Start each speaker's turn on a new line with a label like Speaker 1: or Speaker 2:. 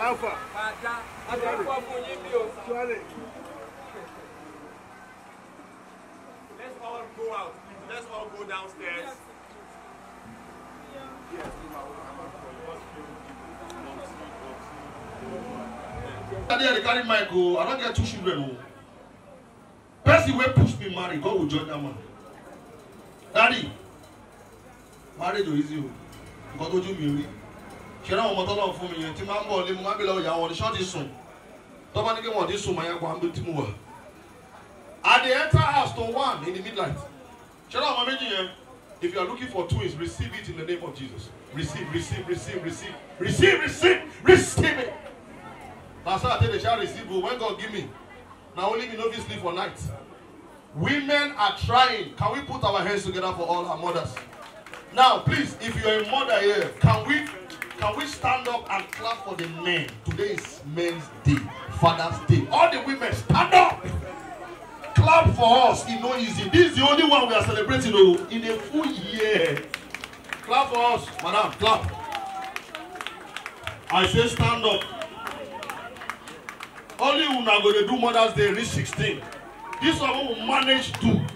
Speaker 1: Alpha. Bàdá. Àdàpọ̀ fún yín bí o. Tuale. Let's all go out. Let's all go downstairs.
Speaker 2: Daddy, I carry my go. Oh. I don't get two children. No. Oh. Person wey push me marry, God will judge that man. Daddy, marriage is easy o. Oh. Nǹkan tójú mi rí kí náà ọmọ tọ́lọ̀ fún mi yẹn tí máa ń bọ̀ lé mo máa ń ìyàwó ọ̀dẹ́sọ́ ti sùn tọ́ba ní kí wọ́n ti sùn máa yẹ kó tí mo wà. at the enter house to one in the midnight ṣé náà ọmọ méjì yẹn if you are looking for twins receive it in the name of Jesus receive receive receive receive receive receive receive it. Pastor Atene shall receive you when God give me na only me no fit sleep for night. Women are trying. Can we put our hands together for all our mothers? Now, please, if you're a mother here, can we Can we stand up and clap for the men? Today is Men's Day, Father's Day. All the women, stand up. Clap for us. It's not easy. This is the only one we are celebrating oh, in a full year. Clap for us, madam. Clap. I say stand up. Only we are going to do Mother's Day reach 16.
Speaker 1: This one will manage
Speaker 2: to